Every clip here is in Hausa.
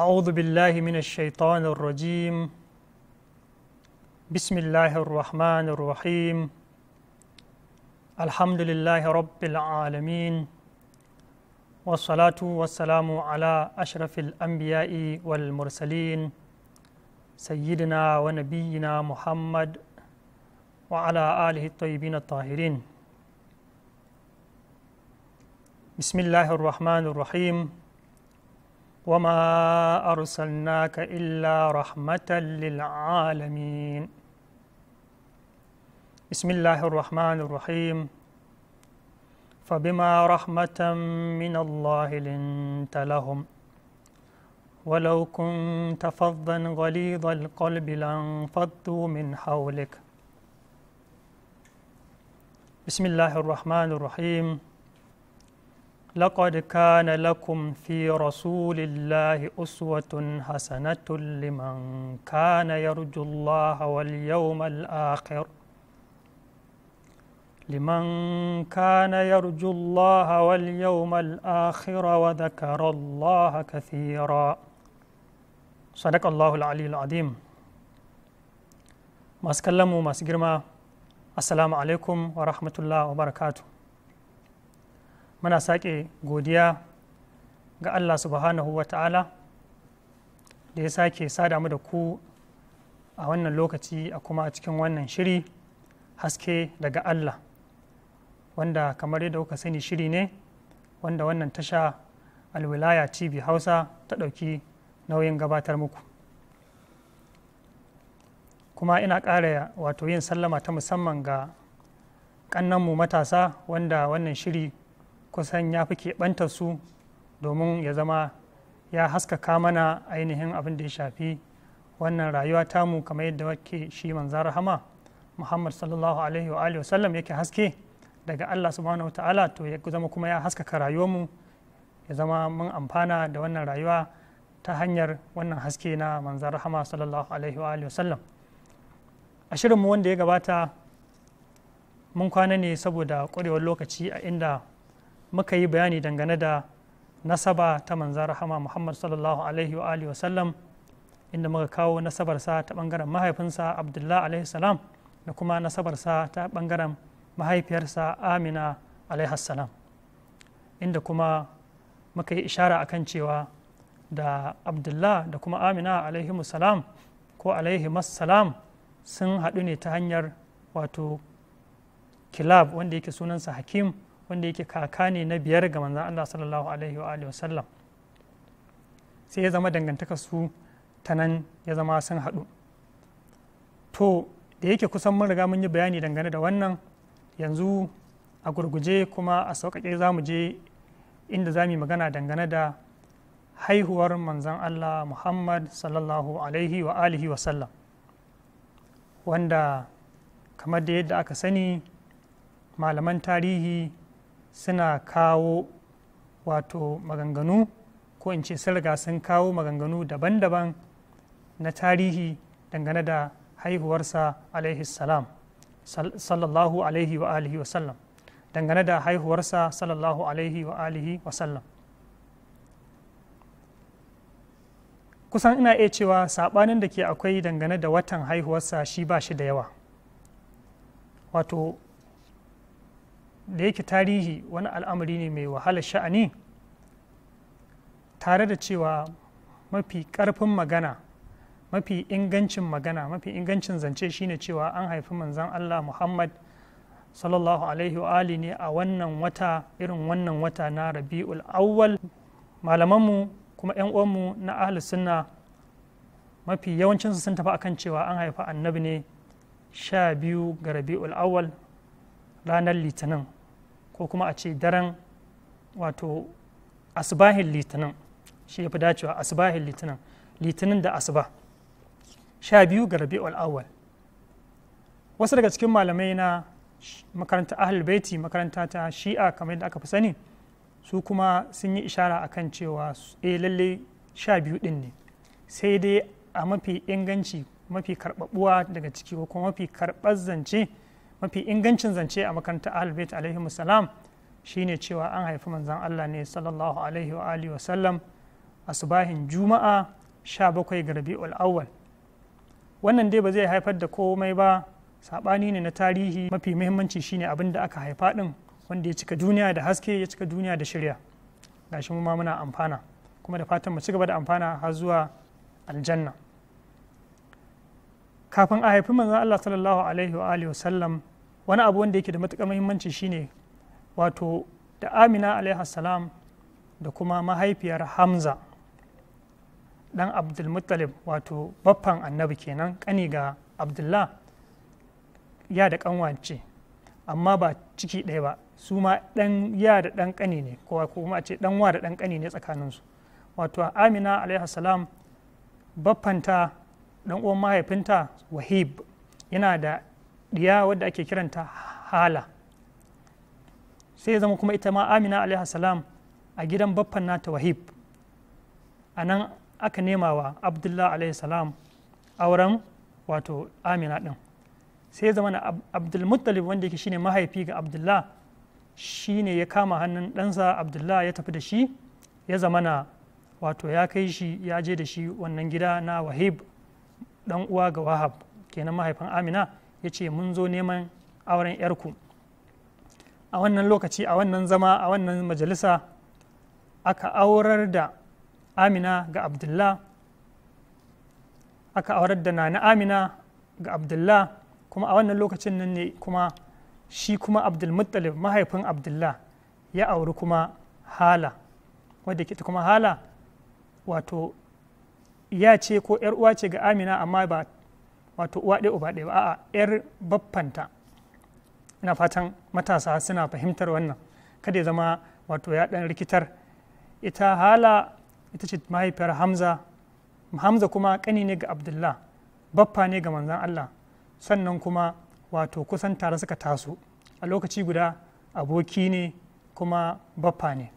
أعوذ بالله من الشيطان الرجيم بسم الله الرحمن الرحيم الحمد لله رب العالمين والصلاة والسلام على أشرف الأنبياء والمرسلين سيدنا ونبينا محمد وعلى آله الطيبين الطاهرين بسم الله الرحمن الرحيم وما أرسلناك إلا رحمة للعالمين بسم الله الرحمن الرحيم فبما رحمة من الله لنت لهم ولو كنت فظا غليظ القلب لانفضوا من حولك بسم الله الرحمن الرحيم لقد كان لكم في رسول الله أسوة حسنة لمن كان يرجو الله واليوم الآخر لمن كان يرجو الله واليوم الآخر وذكر الله كثيرا صدق الله العلي العظيم masu kallon السلام عليكم ورحمة الله وبركاته muna sake godiya ga allah subhanahu wa ta'ala da ya sake sada mu da ku a wannan lokaci a kuma a cikin wannan shiri haske daga allah wanda kamar yadda kuka sani shiri ne wanda wannan tasha alwilaya tv hausa ta ɗauki nauyin gabatar muku kuma ina ƙara wato yin sallama ta musamman ga ƙannanmu matasa wanda wannan shiri kusan ya fi keɓanta su domin ya zama ya haskaka mana ainihin abin da ya shafi wannan rayuwa tamu kamar yadda wake shi manzan rahama muhammad sallallahu alaihi wa alihi yake haske daga allah subhanahu ta'ala to ya zama kuma ya haskaka rayuwar mu ya zama mun amfana da wannan rayuwa ta hanyar wannan haske na manzan rahama sallallahu alaihi wa alihi a shirinmu wanda ya gabata mun kwana ne saboda ƙwarewar lokaci a inda muka yi bayani dangane da nasaba ta manzan rahama muhammad sallallahu alaihi wa wasallam inda muka kawo nasabarsa ta bangaren mahaifinsa abdullah alaihi salam da kuma nasabarsa ta bangaren mahaifiyarsa amina alaihi salam inda kuma muka yi ishara akan cewa da abdullah da kuma amina alaihi salam ko alaihi salam sun haɗu ne ta hanyar wato kilab wanda yake sunansa hakim wanda yake kaka ne na biyar ga manzan Allah sallallahu alaihi wa sallam sai ya zama dangantaka su ta nan ya zama sun haɗu to da yake kusan mun riga mun yi bayani dangane da wannan yanzu a gurguje kuma a sauƙaƙe za mu je inda za mu yi magana dangane da haihuwar manzan Allah Muhammad sallallahu alaihi wa alihi wa sallam wanda kamar da yadda aka sani malaman tarihi suna kawo wato maganganu ko in ce sun sun kawo maganganu daban-daban na tarihi dangane da haihuwarsa alaihi salam sallallahu alaihi wa alihi wa sallam dangane da haihuwarsa sallallahu alaihi wa alihi wa sallam kusan ina iya cewa saɓanin da ke akwai dangane da watan haihuwarsa shi ba shi da yawa wato da yake tarihi wani al'amari ne mai wahala sha'ani tare da cewa mafi karfin magana mafi ingancin magana mafi ingancin zance shine cewa an haifi manzan allah muhammad sallallahu alaihi wa ne a wannan wata irin wannan wata na rabi'ul awwal malamanmu kuma 'yan uwanmu na ahlus sunna mafi yawancinsu sun tafi akan cewa an haifi annabi ne sha biyu ga rabi'ul awwal ranar litinin ko kuma a ce daren wato asibahin litinin shi ya fi dacewa asibahin litinin litinin da asuba sha biyu ga rabi'ul awwal wasu daga cikin malamai na makaranta ahal baiti makaranta ta shi'a kamar yadda aka fi sani su kuma sun yi ishara akan cewa eh lalle sha biyu din ne sai dai a mafi inganci mafi karɓaɓuwa daga ciki ko kuma mafi karɓar zance mafi ingancin zance a makaranta ahlulbait alaihi musalam shine cewa an haifi manzan allah ne sallallahu alaihi wa alihi wasallam a subahin juma'a 17 ga rabi'ul awwal wannan dai ba zai haifar da komai ba sabani ne na tarihi mafi muhimmanci shine abin da aka haifa din wanda ya cika duniya da haske ya cika duniya da shirya gashi mu ma muna amfana kuma da fatan mu ci gaba da amfana har zuwa aljanna kafin a haifi manzan Allah sallallahu alaihi wa alihi wasallam wani abu wanda yake da matuƙar muhimmanci shine wato da amina alaihi da kuma mahaifiyar hamza dan abdulmuttalib wato baffan annabi kenan kani ga abdullah ya da kanwance amma ba ciki ɗaya ba su ma ɗan ya da ɗan ƙani ne ko kuma a ce ɗan wa da ɗan ƙani ne tsakaninsu wato amina alaihi baffanta ɗan uwan mahaifinta wahib yana da diya wadda ake kiranta hala sai ya zama kuma ita ma amina alaihi salam a gidan baffan nata wahib a nan aka nema wa Abdullahi alaihi salam auren wato amina din sai ya zama na abdulmuttalib wanda yake shine mahaifi ga abdullah shine ya kama hannun ɗansa abdullah ya tafi da shi ya zama na wato ya kai shi ya je da shi wannan gida na wahib dan uwa ga wahab kenan mahaifin amina ya ce mun zo neman auren yarku a wannan lokaci a wannan zama a wannan majalisa aka aurar da amina ga abdullah aka aurar da nana amina ga abdullah kuma a wannan lokacin nan ne kuma shi kuma abdulmuttalib mahaifin abdullah ya auri kuma hala wadda ke kuma hala wato ya ce ko yar uwa ce ga amina amma ba wato uwa ɗaya uba ɗaya ba yar baffanta ina fatan matasa suna fahimtar wannan kada ya zama wato ya ɗan rikitar ita hala ita ce mahaifiyar hamza hamza kuma ƙani ne ga abdullah baffa ne ga manzan allah sannan kuma wato kusan tare suka taso a lokaci guda aboki ne kuma baffa ne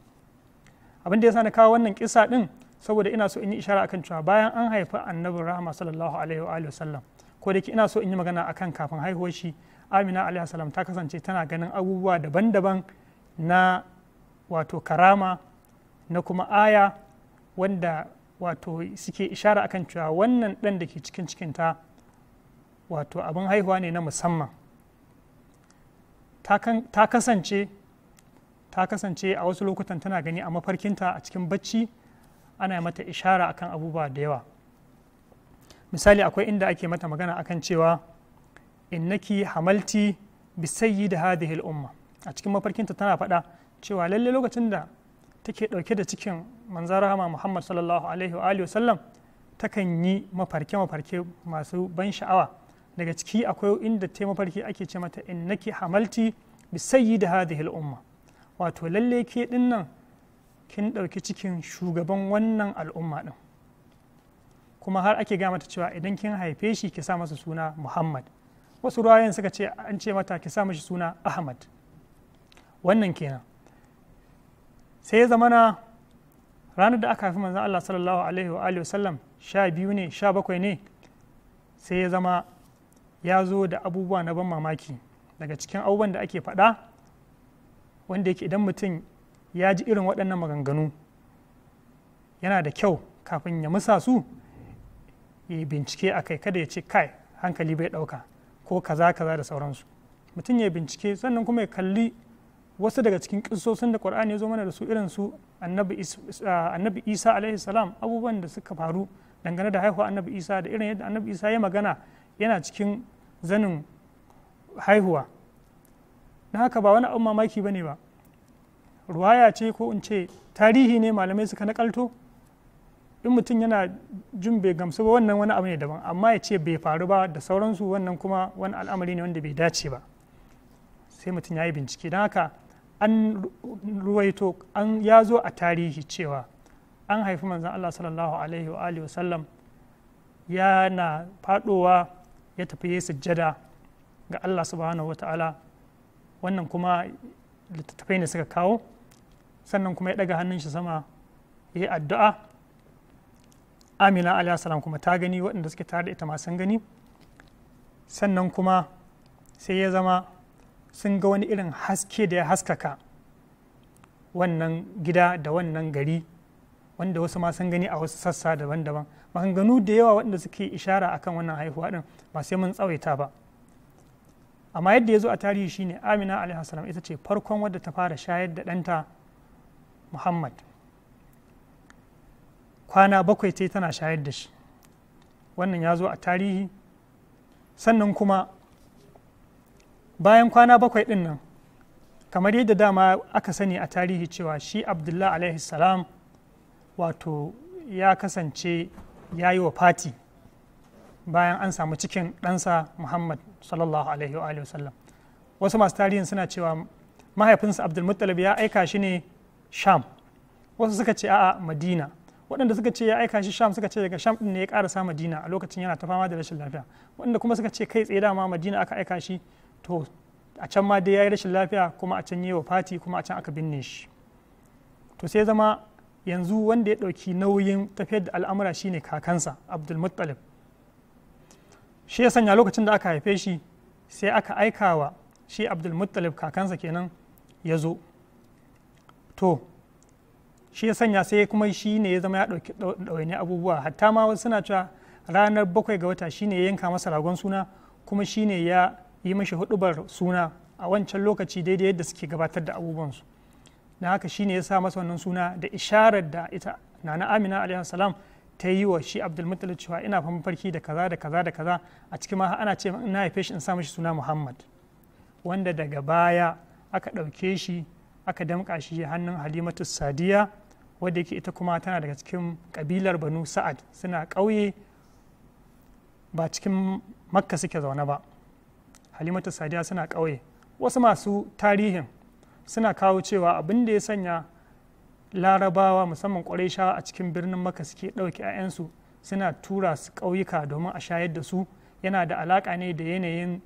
abin da ya sani kawo wannan kisa ɗin saboda ina so in yi ishara akan cewa bayan an haifi annabi rahama sallallahu alaihi wa sallam ko da ina so in yi magana akan kafin haihuwar shi amina alayhi salam ta kasance tana ganin abubuwa daban-daban na wato karama na kuma aya wanda wato suke ishara akan cewa wannan ɗan da ke cikin cikinta wato abin haihuwa ne na musamman ta kasance ta kasance a wasu lokutan tana gani a mafarkinta a cikin bacci ana mata ishara akan abubuwa da yawa misali akwai inda ake mata magana akan cewa innaki hamalti bisayyi da hadhihi umma a cikin mafarkinta tana faɗa cewa lalle lokacin da take ɗauke da cikin manzan rahama muhammad sallallahu alaihi wa alihi wasallam takan yi mafarke mafarke masu ban sha'awa daga ciki akwai inda ta mafarki ake ce mata innaki hamalti bisayyi da hadhihi umma wato lalle ke ɗinnan kin ɗauki cikin shugaban wannan al'umma ɗin kuma har ake gaya mata cewa idan kin haife shi ki sa masa suna muhammad wasu ruwayan suka ce an ce mata ki sa mashi suna ahmad wannan kenan sai ya zamana ranar da aka haifi manzon allah sallallahu alaihi wa alihi wasallam sha biyu ne sha bakwai ne sai ya zama ya zo da abubuwa na ban mamaki daga cikin abubuwan da ake faɗa wanda yake idan mutum ya ji irin waɗannan maganganu yana da kyau kafin ya musa su yi bincike a kai kada ya ce kai hankali bai ɗauka ko kaza kaza da sauransu mutum ya bincike sannan kuma ya kalli wasu daga cikin kisosin da qur'ani ya zo mana da su irin su annabi uh, isa alaihi salam abubuwan da suka faru dangane da haihuwa annabi isa da irin yadda annabi isa ya magana yana cikin zanin haihuwa na haka ba wani abin mamaki ba ne ba ruwaya ce ko in ce tarihi ne malamai suka nakalto in mutum yana jin bai gamsu ba wannan wani abu ne daban amma ya ce bai faru ba da sauransu wannan kuma wani al'amari ne wanda bai dace ba sai mutum ya yi bincike don haka an ruwaito an ya zo a tarihi cewa an haifi manzan Allah sallallahu alaihi wa alihi wasallam yana fadowa ya tafi ya sujjada ga Allah subhanahu wa ta'ala wannan kuma littattafai ne suka kawo sannan kuma ya daga hannun shi sama ya yi addu'a amina alayhi salam kuma ta gani waɗanda suke tare da ita ma sun gani sannan kuma sai ya zama sun ga wani irin haske da ya haskaka wannan gida da wannan gari wanda wasu ma sun gani a wasu sassa daban-daban maganganu da yawa waɗanda suke ishara akan wannan haihuwa ɗin ba sai mun tsawaita ba amma yadda ya zo a tarihi shine amina salam ita ce farkon wadda ta fara shayar da ɗanta muhammad kwana bakwai ta tana shayar da shi wannan ya zo a tarihi sannan kuma bayan kwana bakwai ɗin nan kamar yadda dama aka sani a tarihi cewa shi abdullah alaihi salam wato ya kasance ya yi wa fati bayan an samu cikin ɗansa muhammad sallallahu alaihi wa sallam wasu masu tarihin suna cewa mahaifinsa abdulmuttalib ya aika shi ne sham wasu suka ce a'a madina waɗanda suka ce ya aika shi sham suka ce daga sham ne ya ƙarasa madina a lokacin yana ta fama da rashin lafiya waɗanda kuma suka ce kai tsaye dama madina aka aika shi to a can ma dai ya yi rashin lafiya kuma a can yi wa fati kuma a can aka binne shi to sai zama yanzu wanda ya ɗauki nauyin tafiyar da al'amura shine kakansa abdul shi ya sanya lokacin da aka haife shi sai aka aika wa shi abdul kakansa kenan ya zo to shi ya sanya sai kuma shi ne ya zama ya ɗauki ɗawaini abubuwa hatta ma wasu suna cewa ranar bakwai ga wata shi ne ya yanka masa ragon suna kuma shi ne ya yi mashi huɗubar suna a wancan lokaci daidai yadda suke gabatar da abubuwansu na haka shi ne ya sa masa wannan suna da isharar da ita nana amina alaihi salam ta yi wa shi abdulmuttalib cewa ina fa mafarki da kaza da kaza da kaza a cikin ma ana ce ina haife shi in sa mashi suna muhammad wanda daga baya aka ɗauke shi aka damƙa shi hannun halimatu sadiya wadda yake ita kuma tana daga cikin kabilar banu sa'ad suna ƙauye ba cikin makka suke zaune ba halimatu sadiya suna ƙauye wasu masu tarihin suna kawo cewa abin da ya sanya larabawa musamman ƙwarai a cikin birnin makka suke ɗauki 'ya'yansu suna tura su ƙauyuka domin a shayar da su yana da alaƙa ne da yanayin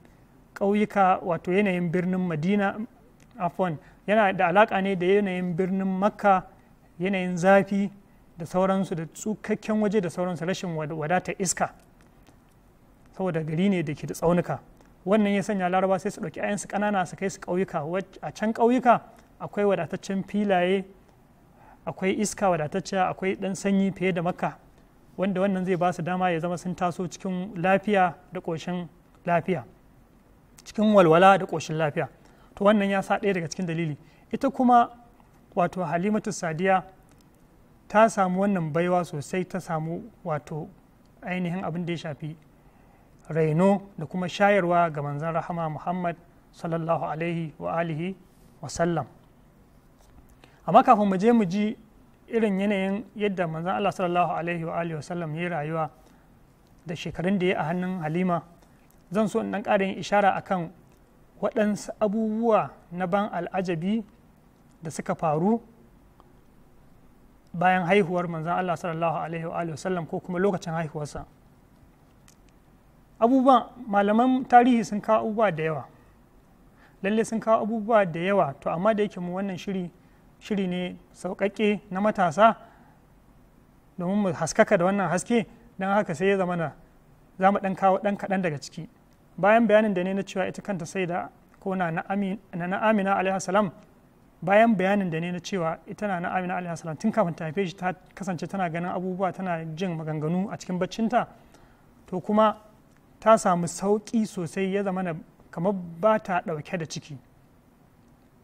ƙauyuka wato yanayin birnin madina afon yana da alaƙa ne da yanayin birnin makka yanayin zafi da sauransu da tsukakken waje da sauransu rashin wadata iska saboda gari ne da ke da tsaunuka wannan ya sanya laraba sai su ɗauki su ƙanana su kai su ƙauyuka a can ƙauyuka akwai wadataccen filaye akwai iska wadatacciya akwai ɗan sanyi fiye da makka wanda wannan zai ba su dama ya zama sun taso cikin lafiya da ƙoshin lafiya cikin walwala da ƙoshin lafiya to wannan ya sa ɗaya daga cikin dalili ita kuma wato halimatu sadiya ta samu wannan baiwa sosai ta samu wato ainihin abin da ya shafi raino da kuma shayarwa ga manzan rahama muhammad sallallahu alaihi wa alihi wasallam amma kafin mu je mu ji irin yanayin yadda manzan allah sallallahu alaihi wa alihi wasallam ya rayuwa da shekarun da ya a hannun halima zan so in dan ƙara yin ishara akan waɗansu abubuwa na ban al'ajabi da suka faru bayan haihuwar manzan Allah sallallahu alaihi wa sallam ko kuma lokacin haihuwarsa abubuwa malaman tarihi sun kawo abubuwa da yawa lalle sun kawo abubuwa da yawa to amma da yake mu wannan shiri shiri ne sauƙaƙe na matasa domin mu haskaka da wannan haske don haka sai ya zamana za mu ɗan kawo ɗan kaɗan daga ciki bayan bayanin da ne na cewa ita kanta sai da ko na na amina alaihi salam bayan bayanin da ne na cewa ita na amina alaihi salam tun kafin ta haife shi ta kasance tana ganin abubuwa tana jin maganganu a cikin baccinta to kuma ta samu sauƙi sosai ya zama kamar ba ta ɗauke da ciki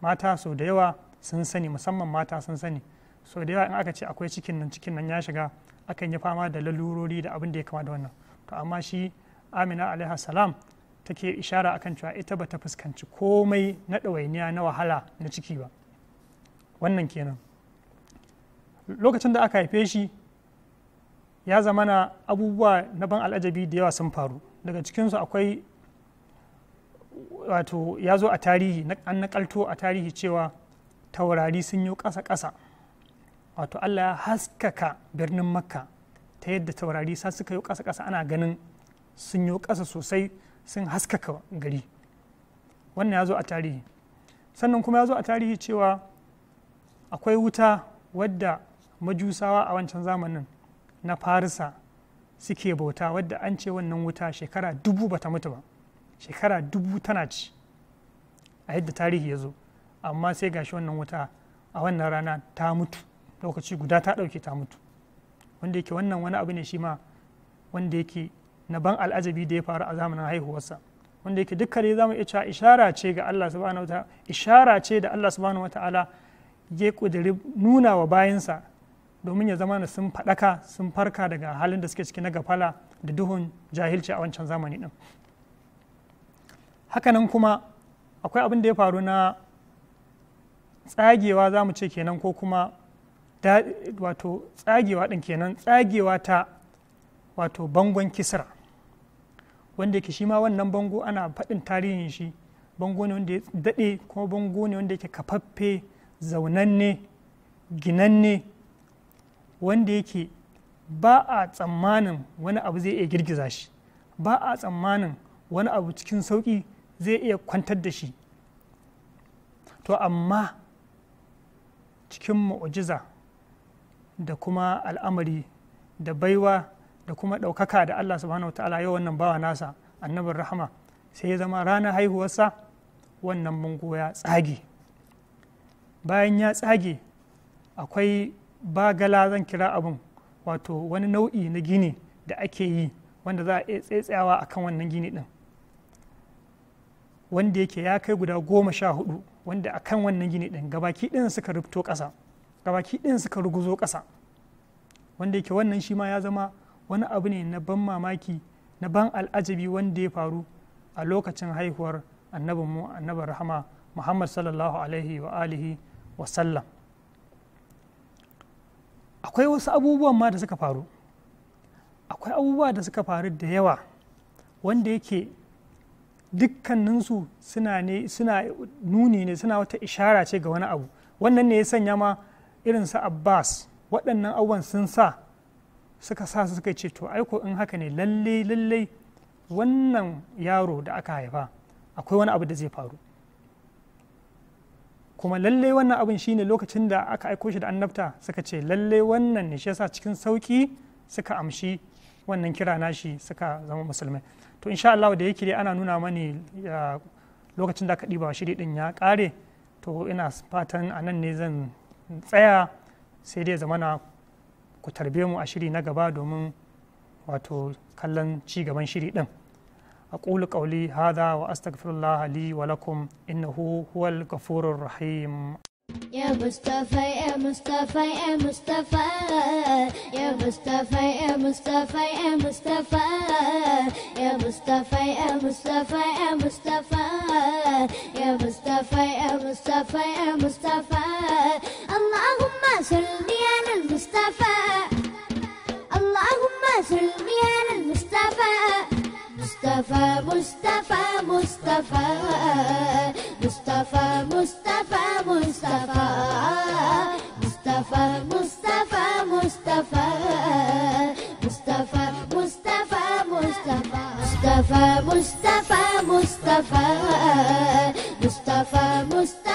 mata sau da yawa sun sani musamman mata sun sani sau da yawa in aka ce akwai cikin nan cikin nan ya shiga akan yi fama da lalurori da abin da ya kama da wannan to amma shi amina alaihi salam take ishara akan cewa ita bata fuskanci komai na ɗawainiya na wahala na ciki ba wannan kenan lokacin da aka haife shi ya zamana abubuwa na ban al'ajabi da yawa sun faru daga cikinsu akwai wato ya zo a tarihi an nakalto a tarihi cewa taurari sun yi ƙasa-ƙasa wato allah ya haskaka birnin makka ta yadda taurari sa suka yi ƙasa-ƙasa ana ganin sun yi ƙasa sosai sun haskaka gari wannan ya zo a tarihi sannan kuma ya zo a tarihi cewa akwai wuta wadda majusawa a wancan zamanin na farisa suke bauta wadda an ce wannan wuta shekara dubu bata mutu ba shekara dubu tana ci a yadda tarihi ya zo amma sai gashi wannan wuta a wannan rana ta mutu lokaci guda ta ɗauke ta mutu wanda yake wannan wani abu ne shi ma wanda yake na ban al'ajabi da ya faru a zamanin haihuwarsa wanda yake dukkan za mu ishara ce ga Allah subhanahu wataala ishara ce da Allah subhanahu wataala ya ƙudiri nuna wa bayansa domin ya zama sun faɗaka sun farka daga halin da suke ciki na gafala da duhun jahilci a wancan zamani ɗin hakanan kuma akwai abin da ya faru na tsagewa za mu ce kenan ko kuma wato tsagewa ɗin kenan tsagewa ta wato bangon kisra wanda yake shi ma wannan bango ana faɗin tarihin shi bango ne wanda ya daɗe kuma bango ne wanda yake kafaffe zaunanne ginanne wanda yake ba a tsammanin wani abu zai iya girgiza shi ba a tsammanin wani abu cikin sauƙi zai iya kwantar da shi to amma cikin mu'ujiza da kuma al'amari da baiwa da kuma ɗaukaka da Allah subhanahu wa ta'ala yau wannan bawa nasa annabin rahama sai ya zama ranar haihuwarsa wannan mungo ya tsage bayan ya tsage akwai bagala zan kira abin wato wani nau'i na gini da ake yi wanda za a iya a kan wannan gini din. wanda yake ya kai guda goma sha hudu wanda a kan wannan gini din gabaki ɗin suka rufto ƙasa gabaki ɗin suka ruguzo kasa. wanda yake wannan shi ma ya zama wani abu ne na ban mamaki na ban al'ajabi wanda ya faru a lokacin haihuwar annabinmu annabar rahama muhammad sallallahu alaihi wa alihi wasallam akwai wasu abubuwan ma da suka faru akwai abubuwa da suka faru da yawa wanda yake dukkaninsu suna ne suna nuni ne suna wata ishara ce ga wani abu wannan ne ya sanya ma irin su abbas waɗannan abubuwan sun sa suka sa su suka ce to aiko in haka ne lallai-lallai, wannan yaro da aka haifa akwai wani abu da zai faru kuma lalle wannan abin shine lokacin da aka aiko shi da annabta suka ce lalle wannan ne shi yasa cikin sauki suka amshi wannan kira nashi suka zama musulmai to insha Allah da yake dai ana nuna mani lokacin da aka ɗiba shiri din ya kare to ina fatan anan ne zan tsaya sai dai zamana ku tarbe mu a shiri na gaba domin wato kallon ci gaban shiri din أقول قولي هذا وأستغفر الله لي ولكم إنه هو الغفور الرحيم يا مصطفى يا مصطفى يا مصطفى يا مصطفى يا مصطفى يا مصطفى يا مصطفى يا مصطفى يا مصطفى يا مصطفى يا مصطفى يا مصطفى اللهم صل على المصطفى اللهم صل على المصطفى Mustafa, Mustafa, Mustafa, Mustafa, Mustafa, Mustafa, Mustafa, Mustafa, Mustafa, Mustafa, Mustafa, Mustafa, Mustafa, Mustafa, Mustafa, Mustafa, Mustafa.